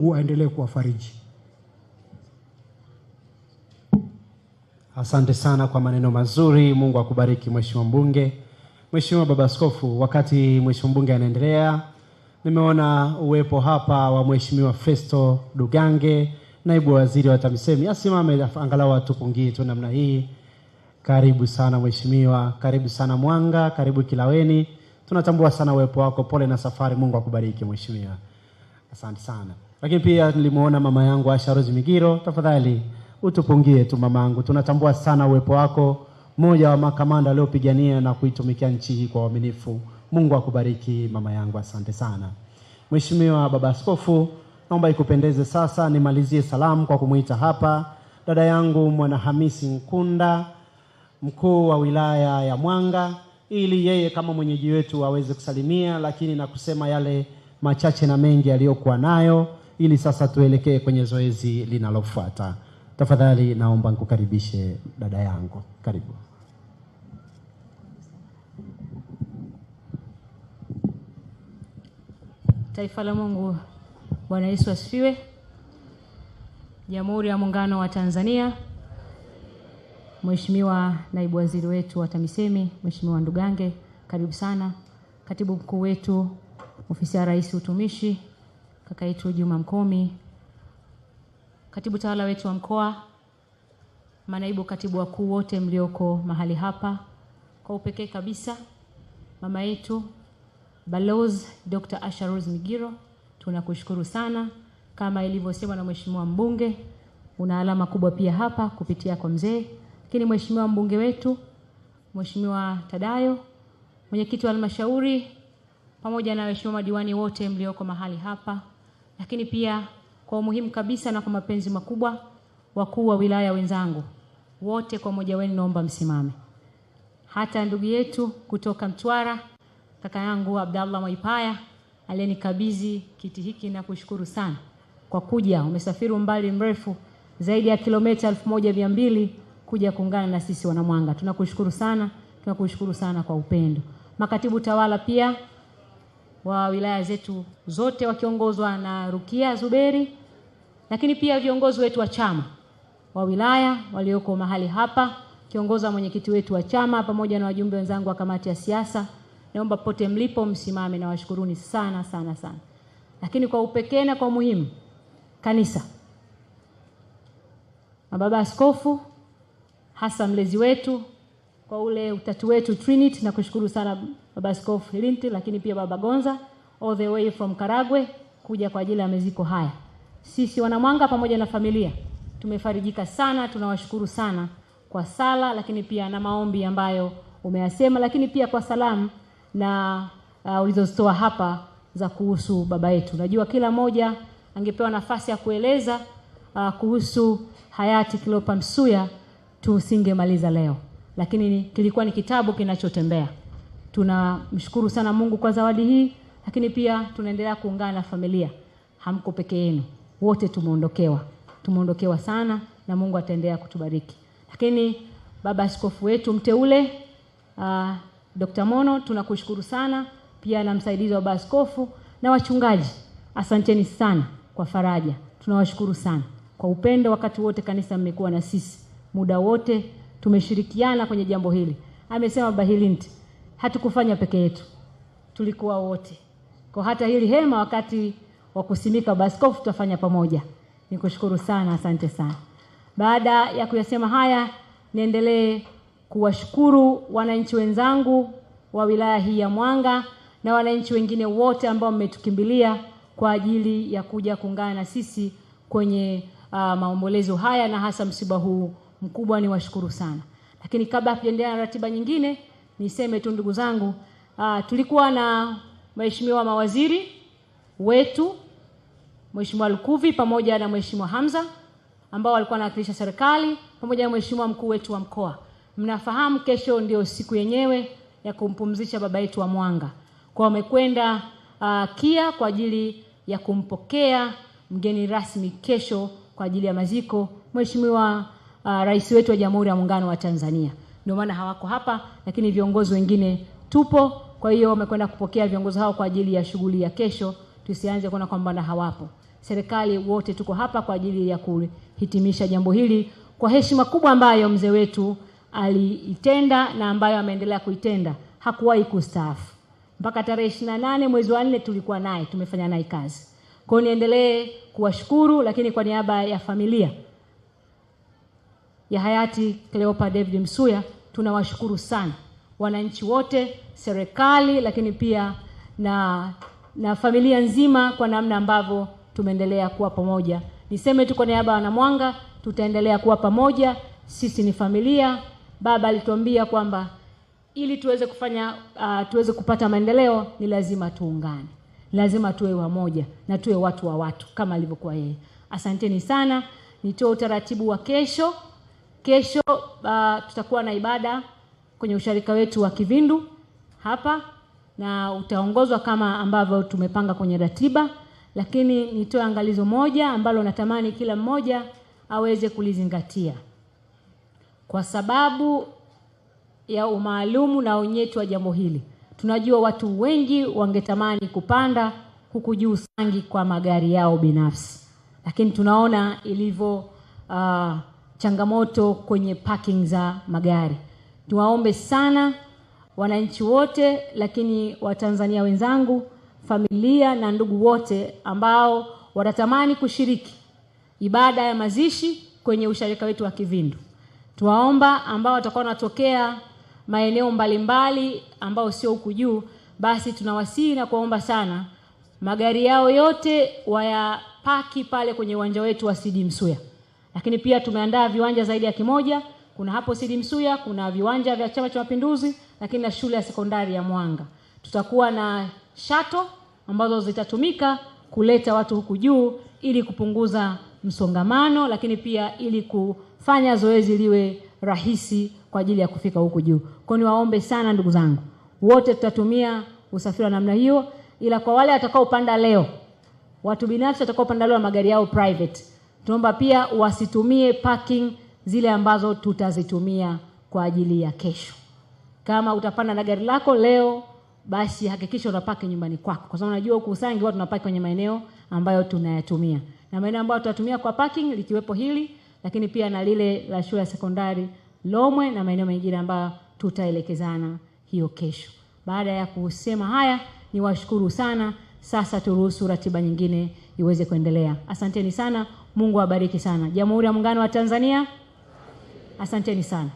Mungu aendelee kuwafariji. Asante sana kwa maneno mazuri. Mungu akubariki mheshimiwa mbunge. Mheshimiwa baba askofu, wakati mheshimiwa mbunge anaendelea, nimeona uwepo hapa wa mheshimiwa Festo Dugange, naibu waziri wa TAMISEMI. Asimame angalau atupungie tu namna hii. Karibu sana mheshimiwa, karibu sana Mwanga, karibu Kilaweni. Tunatambua sana uwepo wako, pole na safari. Mungu akubariki mheshimiwa, asante sana. Lakini pia nilimuona mama yangu Asha Rose Migiro, tafadhali utupungie tu mamangu, tunatambua sana uwepo wako, mmoja wa makamanda aliopigania na kuitumikia nchi hii kwa uaminifu. Mungu akubariki mama yangu, asante sana. Mheshimiwa Baba Askofu, naomba ikupendeze sasa nimalizie salamu kwa kumwita hapa dada yangu mwana hamisi Nkunda, mkuu wa wilaya ya Mwanga, ili yeye kama mwenyeji wetu aweze kusalimia, lakini na kusema yale machache na mengi aliyokuwa nayo ili sasa tuelekee kwenye zoezi linalofuata. Tafadhali naomba nikukaribishe dada yangu, karibu. Taifa la Mungu, Bwana Yesu asifiwe. Jamhuri ya Muungano wa Tanzania, Mheshimiwa Naibu Waziri wetu wa TAMISEMI, Mheshimiwa Ndugange, karibu sana. Katibu Mkuu wetu Ofisi ya Rais Utumishi, kaka yetu Juma Mkomi, katibu tawala wetu wa mkoa, manaibu katibu wakuu wote mlioko mahali hapa, kwa upekee kabisa mama yetu Balozi Dr. Asha Rose Migiro, tunakushukuru sana. Kama ilivyosemwa na mheshimiwa mbunge, una alama kubwa pia hapa kupitia kwa mzee, lakini mheshimiwa mbunge wetu Mheshimiwa Tadayo, mwenyekiti wa halmashauri, pamoja na waheshimiwa madiwani wote mlioko mahali hapa lakini pia kwa umuhimu kabisa na kwa mapenzi makubwa, wakuu wa wilaya wenzangu wote kwa moja wenu, naomba msimame. Hata ndugu yetu kutoka Mtwara, kaka yangu Abdallah Mwaipaya aliyenikabidhi kiti hiki, na kushukuru sana kwa kuja. Umesafiri umbali mrefu zaidi ya kilomita elfu moja mia mbili kuja kuungana na sisi Wanamwanga. Tunakushukuru sana, tunakushukuru sana kwa upendo. Makatibu tawala pia wa wilaya zetu zote wakiongozwa na Rukia Zuberi, lakini pia viongozi wetu wa chama wa wilaya walioko mahali hapa, kiongoza mwenyekiti wetu wa chama pamoja na wajumbe wenzangu wa kamati ya siasa, naomba pote mlipo msimame na washukuruni sana sana sana. Lakini kwa upekee na kwa umuhimu, kanisa, mababa askofu, hasa mlezi wetu kwa ule utatu wetu Trinity, na kushukuru sana baba Askofu Ilinti, lakini pia baba Gonza all the way from Karagwe kuja kwa ajili ya maziko haya. Sisi wanamwanga pamoja na familia tumefarijika sana, tunawashukuru sana kwa sala, lakini pia na maombi ambayo umeyasema, lakini pia kwa salamu na uh, ulizozitoa hapa za kuhusu baba yetu. Najua kila moja angepewa nafasi ya kueleza uh, kuhusu hayati Cleopa Msuya tusingemaliza leo, lakini kilikuwa ni kitabu kinachotembea. Tunamshukuru sana Mungu kwa zawadi hii, lakini pia tunaendelea kuungana na familia. Hamko peke yenu, wote tumeondokewa, tumeondokewa sana, na Mungu ataendelea kutubariki. Lakini baba askofu wetu mteule uh, ah, Dr. Mono tunakushukuru sana pia na msaidizi wa baba askofu na wachungaji, asanteni sana kwa faraja, tunawashukuru sana kwa upendo. Wakati wote kanisa mmekuwa na sisi, muda wote tumeshirikiana kwenye jambo hili, amesema baba Hilint hatukufanya peke yetu, tulikuwa wote. Kwa hata hili hema wakati wa kusimika baskofu tutafanya pamoja. Nikushukuru sana, asante sana. Baada ya kuyasema haya, niendelee kuwashukuru wananchi wenzangu wa wilaya hii ya Mwanga na wananchi wengine wote ambao mmetukimbilia kwa ajili ya kuja kuungana na sisi kwenye uh, maombolezo haya na hasa msiba huu mkubwa, niwashukuru sana. Lakini kabla hatujaendelea na ratiba nyingine niseme tu ndugu zangu, uh, tulikuwa na mheshimiwa mawaziri wetu Mheshimiwa Lukuvi pamoja na Mheshimiwa Hamza ambao walikuwa wanawakilisha serikali pamoja na mheshimiwa mkuu wetu wa mkoa. Mnafahamu kesho ndio siku yenyewe ya kumpumzisha baba yetu wa Mwanga, kwa wamekwenda uh, KIA kwa ajili ya kumpokea mgeni rasmi kesho kwa ajili ya maziko mheshimiwa uh, rais wetu wa Jamhuri ya Muungano wa Tanzania ndio maana hawako hapa, lakini viongozi wengine tupo. Kwa hiyo wamekwenda kupokea viongozi hao kwa ajili ya shughuli ya kesho. Tusianze kuona kwamba na hawapo. Serikali wote tuko hapa kwa ajili ya kuhitimisha jambo hili kwa heshima kubwa ambayo mzee wetu aliitenda na ambayo ameendelea kuitenda. Hakuwahi kustaafu mpaka tarehe ishirini na nane mwezi wa nne tulikuwa naye, tumefanya naye kazi. Kwa hiyo niendelee kuwashukuru, lakini kwa niaba ya familia ya hayati Cleopa David Msuya. Tunawashukuru sana wananchi wote, serikali, lakini pia na na familia nzima kwa namna ambavyo tumeendelea kuwa pamoja. Niseme tu kwa niaba ya Wanamwanga, tutaendelea kuwa pamoja. Sisi ni familia. Baba alituambia kwamba ili tuweze kufanya uh, tuweze kupata maendeleo ni lazima tuungane, lazima tuwe wamoja na tuwe watu wa watu kama alivyokuwa yeye. Asanteni sana. Nitoe utaratibu wa kesho. Kesho uh, tutakuwa na ibada kwenye usharika wetu wa Kivindu hapa na utaongozwa kama ambavyo tumepanga kwenye ratiba, lakini nitoe angalizo moja ambalo natamani kila mmoja aweze kulizingatia kwa sababu ya umaalumu na unyeti wa jambo hili. Tunajua watu wengi wangetamani kupanda huku juu Sangi kwa magari yao binafsi, lakini tunaona ilivyo uh, changamoto kwenye parking za magari. Tuwaombe sana wananchi wote, lakini Watanzania wenzangu, familia na ndugu wote ambao wanatamani kushiriki ibada ya mazishi kwenye usharika wetu wa Kivindu, tuwaomba ambao watakuwa wanatokea maeneo mbalimbali ambao sio huku juu, basi tunawasihi na kuwaomba sana magari yao yote wayapaki pale kwenye uwanja wetu wa Sidi Msuya. Lakini pia tumeandaa viwanja zaidi ya kimoja, kuna hapo Sidi Msuya, kuna viwanja vya Chama cha Mapinduzi, lakini na shule ya sekondari ya Mwanga. Tutakuwa na shato ambazo zitatumika kuleta watu huku juu ili kupunguza msongamano, lakini pia ili kufanya zoezi liwe rahisi kwa ajili ya kufika huku juu. Kwa niwaombe sana ndugu zangu wote, tutatumia usafiri wa namna hiyo, ila kwa wale watakaopanda leo, watu binafsi watakaopanda leo magari yao private Tunaomba pia wasitumie parking zile ambazo tutazitumia kwa ajili ya kesho. Kama utapanda na gari lako leo, basi hakikisha unapaki nyumbani kwako, kwa sababu unajua huku Usangi watu tunapaki kwenye maeneo ambayo tunayatumia, na maeneo ambayo tutatumia kwa parking likiwepo hili, lakini pia na lile la shule ya sekondari Lomwe na maeneo mengine ambayo tutaelekezana hiyo kesho. Baada ya kusema haya, niwashukuru sana. Sasa turuhusu ratiba nyingine iweze kuendelea. Asanteni sana. Mungu awabariki sana. Jamhuri ya Muungano wa Tanzania, asanteni sana.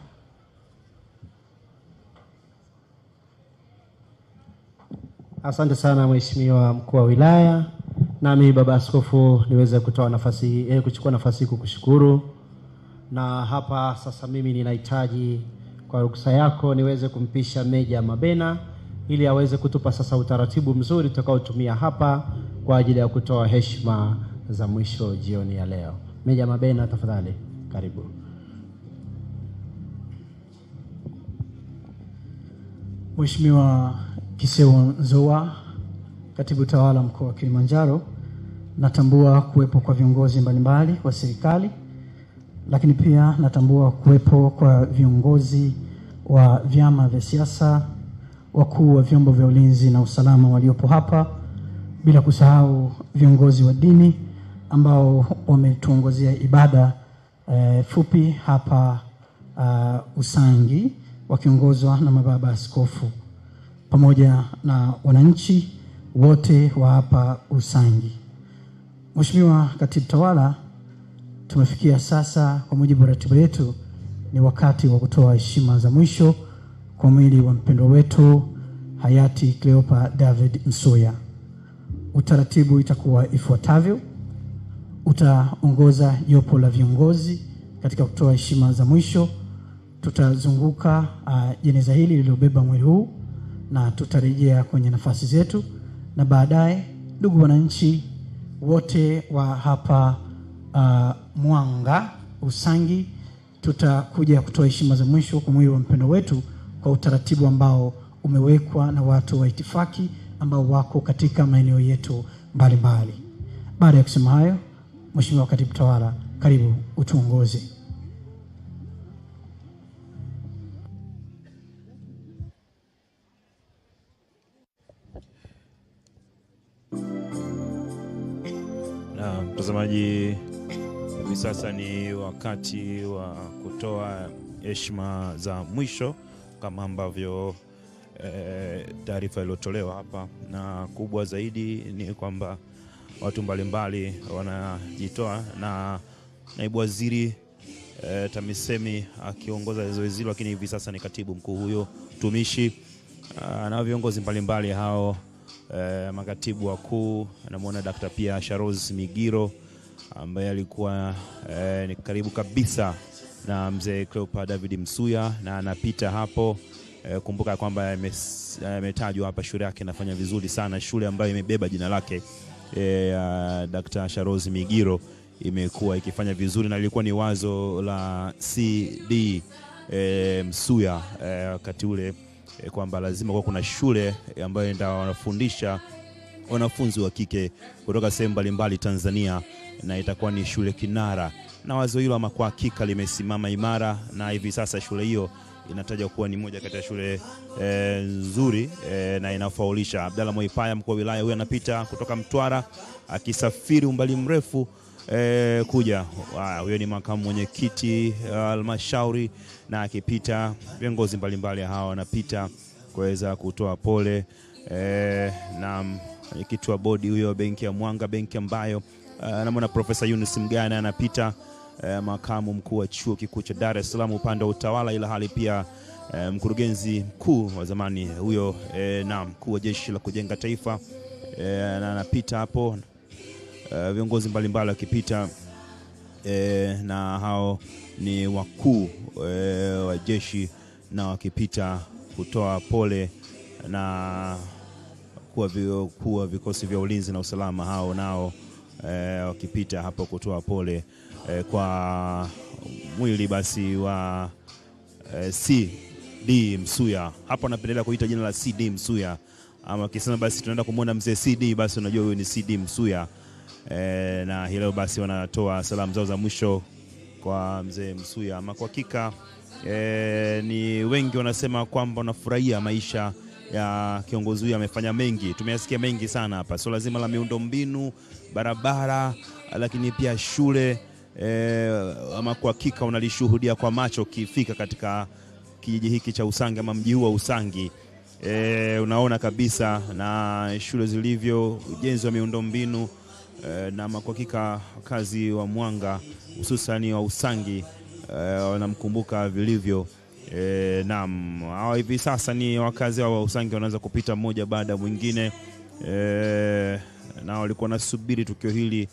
Asante sana Mheshimiwa mkuu wa wilaya, nami baba askofu niweze kutoa nafasi eh, kuchukua nafasi hii kukushukuru, na hapa sasa mimi ninahitaji kwa ruksa yako niweze kumpisha Meja Mabena ili aweze kutupa sasa utaratibu mzuri tutakaotumia hapa kwa ajili ya kutoa heshima za mwisho jioni ya leo. Meja Mabena, tafadhali karibu. Mheshimiwa Kisewa Nzoa, katibu tawala mkoa wa Kilimanjaro, natambua kuwepo kwa viongozi mbalimbali wa serikali, lakini pia natambua kuwepo kwa viongozi wa vyama vya siasa, wakuu wa vyombo vya ulinzi na usalama waliopo hapa, bila kusahau viongozi wa dini ambao wametuongozea ibada e, fupi hapa uh, Usangi wakiongozwa na mababa askofu pamoja na wananchi wote wa hapa Usangi. Mheshimiwa Katibu Tawala, tumefikia sasa, kwa mujibu wa ratiba yetu, ni wakati wa kutoa heshima za mwisho kwa mwili wa mpendwa wetu hayati Cleopa David Msuya. Utaratibu itakuwa ifuatavyo utaongoza jopo la viongozi katika kutoa heshima za mwisho. Tutazunguka uh, jeneza hili lililobeba mwili huu na tutarejea kwenye nafasi zetu, na baadaye, ndugu wananchi wote wa hapa uh, Mwanga Usangi, tutakuja kutoa heshima za mwisho kwa mwili wa mpendo wetu kwa utaratibu ambao umewekwa na watu wa itifaki ambao wako katika maeneo yetu mbalimbali. Baada ya kusema hayo Mheshimiwa Katibu Tawala, karibu utuongoze. Na mtazamaji, hivi sasa ni wakati wa kutoa heshima za mwisho kama ambavyo e, taarifa iliyotolewa hapa, na kubwa zaidi ni kwamba watu mbalimbali wanajitoa, na naibu waziri e, TAMISEMI akiongoza zoezi hilo, lakini hivi sasa ni katibu mkuu huyo tumishi a, ah, na viongozi mbalimbali hao e, makatibu wakuu. namuona Dkt. pia Sharoz Migiro ambaye alikuwa e, ni karibu kabisa na mzee Cleopa David Msuya na anapita hapo e, kumbuka kwamba ametajwa hapa, shule yake inafanya vizuri sana, shule ambayo imebeba jina lake eh, uh, Dr. Sharozi Migiro imekuwa ikifanya vizuri na ilikuwa ni wazo la CD e, Msuya e, wakati ule e, kwamba lazima kuwa kuna shule ambayo ndio wanafundisha wanafunzi wa kike kutoka sehemu mbalimbali Tanzania na itakuwa ni shule kinara, na wazo hilo ama kwa hakika limesimama imara, na hivi sasa shule hiyo inatajwa kuwa ni moja kati ya shule eh, nzuri e, na inafaulisha. Abdalla Moipaya mkuu wa wilaya huyo anapita kutoka Mtwara akisafiri umbali mrefu e, kuja huyo ni makamu mwenyekiti halmashauri na akipita viongozi mbalimbali hawa wanapita kuweza kutoa pole e, na mwenyekiti wa bodi huyo benki ya Mwanga, benki ambayo anamwona Profesa Yunus Mgana anapita eh, makamu mkuu wa chuo kikuu cha Dar es Salaam upande wa utawala, ila hali pia eh, mkurugenzi mkuu wa zamani huyo eh, na mkuu wa jeshi la kujenga taifa eh, anapita hapo eh, viongozi mbalimbali wakipita eh, na hao ni wakuu eh, wa jeshi na wakipita kutoa pole na kuwa vikosi vya ulinzi na usalama hao nao eh, wakipita hapo kutoa pole eh, kwa mwili basi wa eh, CD Msuya. Hapa napendelea kuita jina la CD Msuya, ama kisema basi tunaenda kumwona mzee CD, basi unajua huyu ni CD Msuya eh, na hii leo basi wanatoa salamu zao za mwisho kwa mzee Msuya. Ama kwa hakika eh, ni wengi wanasema kwamba wanafurahia maisha ya kiongozi huyu amefanya mengi, tumeyasikia mengi sana hapa, so lazima la miundombinu, barabara, lakini pia shule e, ama kwa hakika unalishuhudia kwa macho ukifika katika kijiji hiki cha Usangi ama mji huu wa Usangi. E, unaona kabisa na shule zilivyo, ujenzi wa miundombinu e, eh, na kwa hakika wakazi wa Mwanga hususani wa Usangi e, wanamkumbuka vilivyo. E, naam, hawa hivi sasa ni wakazi wa Usangi wanaweza kupita mmoja baada ya mwingine e, na walikuwa nasubiri tukio hili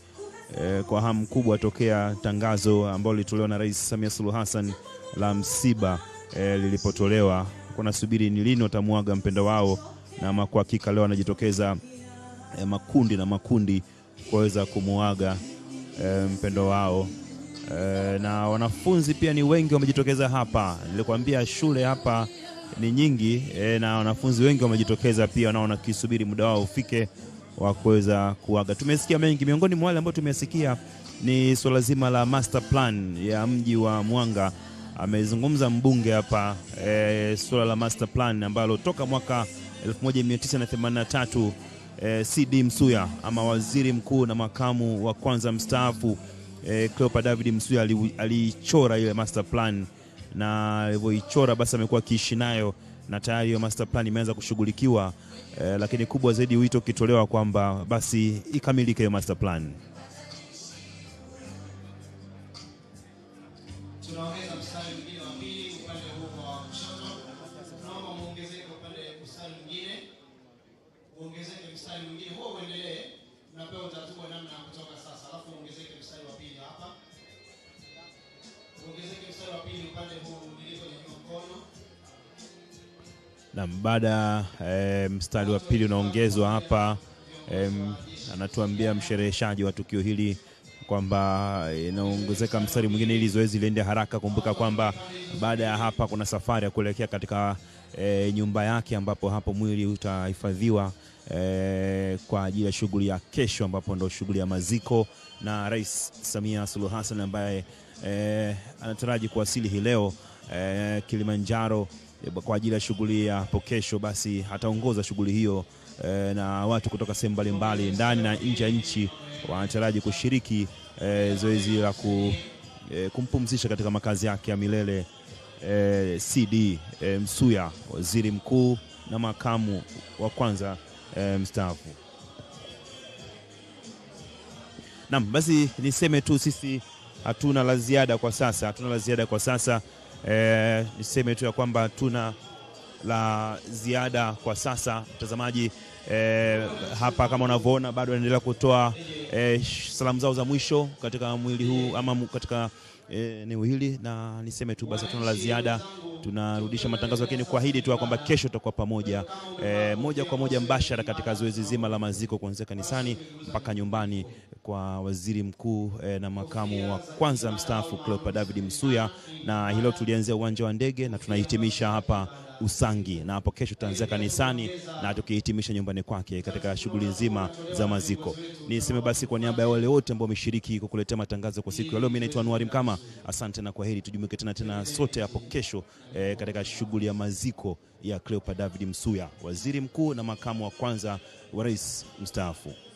Eh, kwa hamu kubwa tokea tangazo ambalo lilitolewa na Rais Samia Suluhu Hassan la msiba e, lilipotolewa, kunasubiri ni lini watamuaga mpendo wao, na kwa hakika leo anajitokeza e, makundi na makundi kuweza kumuaga e, mpendo wao e, na wanafunzi pia ni wengi wamejitokeza hapa. Nilikwambia shule hapa ni nyingi e, na wanafunzi wengi wamejitokeza pia, nao kisubiri muda wao ufike wa kuweza kuaga. Tumesikia mengi, miongoni mwa wale ambao tumesikia ni swala zima la master plan ya mji wa Mwanga. Amezungumza mbunge hapa e, swala la master plan ambalo toka mwaka 1983 e, CD Msuya ama waziri mkuu na makamu wa kwanza mstaafu e, Cleopa David Msuya alichora ile master plan, na alivyoichora basi amekuwa akiishi nayo na tayari hiyo master plan imeanza kushughulikiwa eh, lakini kubwa zaidi wito ukitolewa kwamba basi ikamilike hiyo master plan. baada ya eh, mstari wa pili unaongezwa hapa, anatuambia mshereheshaji wa tukio hili kwamba eh, inaongezeka mstari mwingine ili zoezi liende haraka. Kumbuka kwamba baada ya hapa kuna safari ya kuelekea katika e, nyumba yake ambapo hapo mwili utahifadhiwa e, kwa ajili ya shughuli ya kesho ambapo ndo shughuli ya maziko, na Rais Samia Suluhu Hassan ambaye e, anataraji kuwasili hii leo e, Kilimanjaro Eh, kwa ajili ya shughuli ya hapo kesho, basi ataongoza shughuli hiyo e, na watu kutoka sehemu mbalimbali ndani na nje ya nchi wanataraji kushiriki e, zoezi la ku, e, kumpumzisha katika makazi yake ya milele e, CD e, Msuya, waziri mkuu na makamu wa kwanza e, mstaafu. Naam, basi niseme tu sisi hatuna la ziada kwa sasa, hatuna la ziada kwa sasa. E, niseme tu ya kwamba tuna la ziada kwa sasa mtazamaji. E, hapa kama unavyoona bado anaendelea kutoa e, salamu zao za mwisho katika mwili huu ama katika eneo hili, na niseme tu basi tuna la ziada tunarudisha matangazo, lakini kuahidi tu kwamba kesho tutakuwa pamoja e, moja kwa moja mbashara katika zoezi zima la maziko kuanzia kanisani mpaka nyumbani kwa waziri mkuu e, na makamu wa kwanza mstaafu Cleopa David Msuya, na hilo tulianzia uwanja wa ndege na tunahitimisha hapa Usangi, na hapo kesho tutaanzia kanisani na tukihitimisha nyumbani kwake katika shughuli nzima za maziko. Niseme basi kwa niaba ya wale wote ambao wameshiriki kukuletea matangazo kwa siku ya leo, mimi naitwa Anwari Mkama, asante na kwaheri, tujumuike tena tena sote hapo kesho e, katika shughuli ya maziko ya Cleopa David Msuya, waziri mkuu na makamu wa kwanza wa rais mstaafu.